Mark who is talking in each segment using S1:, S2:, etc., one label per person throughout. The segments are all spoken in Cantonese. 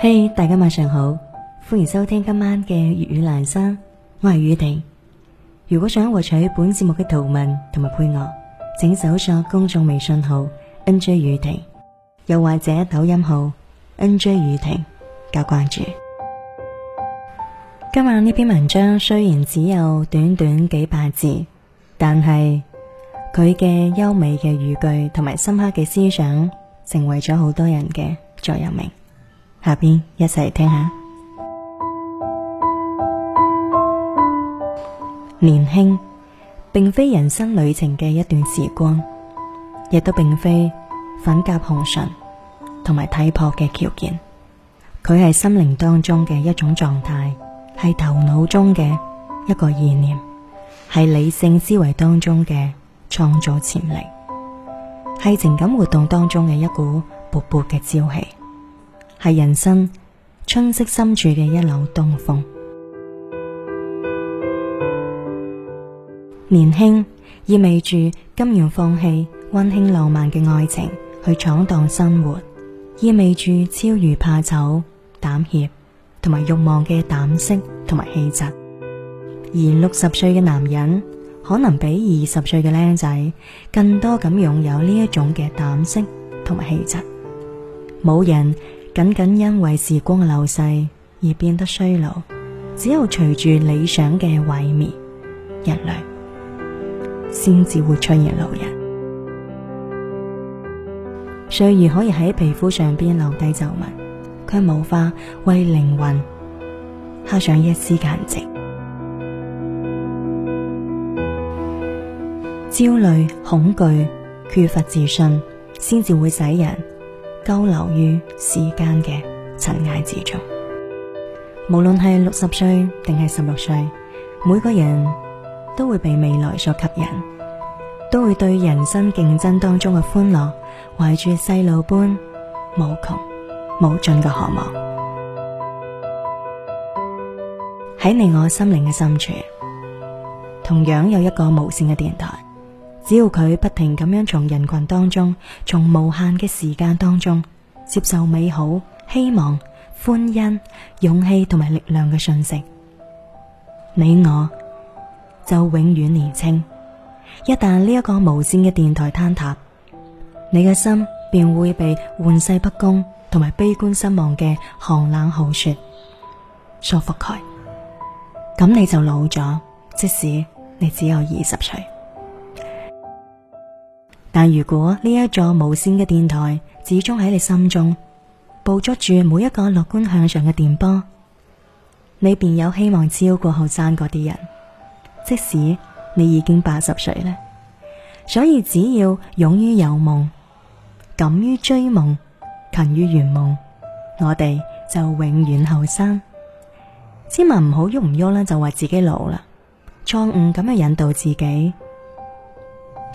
S1: 嘿，hey, 大家晚上好，歡迎收聽今晚嘅粵語蘭生，我係雨婷。如果想獲取本節目嘅圖文同埋配樂，請搜索公眾微信號 n j 雨婷，又或者抖音號 n j 雨婷加關注。今晚呢篇文章雖然只有短短幾百字，但係佢嘅優美嘅語句同埋深刻嘅思想，成為咗好多人嘅座右銘。下邊一齊嚟聽下。年輕並非人生旅程嘅一段時光，亦都並非粉頰紅唇同埋體魄嘅條件。佢係心靈當中嘅一種狀態，係頭腦中嘅一個意念，係理性思維當中嘅創造潛力，係情感活動當中嘅一股勃勃嘅朝氣。係人生春色深處嘅一縷東風。年輕意味住甘願放棄溫馨浪漫嘅愛情去闖蕩生活，意味住超越怕醜、膽怯同埋欲望嘅膽色同埋氣質。而六十歲嘅男人可能比二十歲嘅僆仔更多咁擁有呢一種嘅膽色同埋氣質。冇人。僅僅因為時光流逝而變得衰老，只有隨住理想嘅毀滅，人類先至會出現老人。歲月可以喺皮膚上邊留低皺紋，卻無法為靈魂刻上一絲痕跡。焦慮、恐懼、缺乏自信，先至會使人逗留於時間嘅塵埃之中，無論係六十歲定係十六歲，每個人都會被未來所吸引，都會對人生競爭當中嘅歡樂，懷住細路般無窮無盡嘅渴望。喺你我心靈嘅深處，同樣有一個無線嘅電台。只要佢不停咁樣從人群當中，從無限嘅時間當中接受美好、希望、歡欣、勇氣同埋力量嘅訊息，你我就永遠年輕。一旦呢一個無線嘅電台坍塌，你嘅心便會被玩世不恭同埋悲觀失望嘅寒冷浩雪所覆蓋，咁你就老咗，即使你只有二十歲。但如果呢一座無線嘅電台始終喺你心中捕捉住每一個樂觀向上嘅電波，你便有希望超過後生嗰啲人。即使你已經八十歲啦。所以只要勇於有夢，敢於追夢，勤於圓夢，我哋就永遠後生。千萬唔好喐唔喐啦，就話自己老啦，錯誤咁樣引導自己。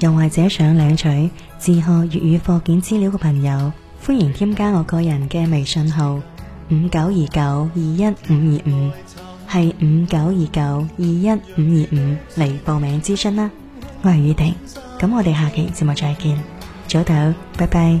S1: 又或者想領取自學粵語課件資料嘅朋友，歡迎添加我個人嘅微信號五九二九二一五二五，係五九二九二一五二五嚟報名諮詢啦。我係雨婷，咁我哋下期節目再見，早唞，拜拜。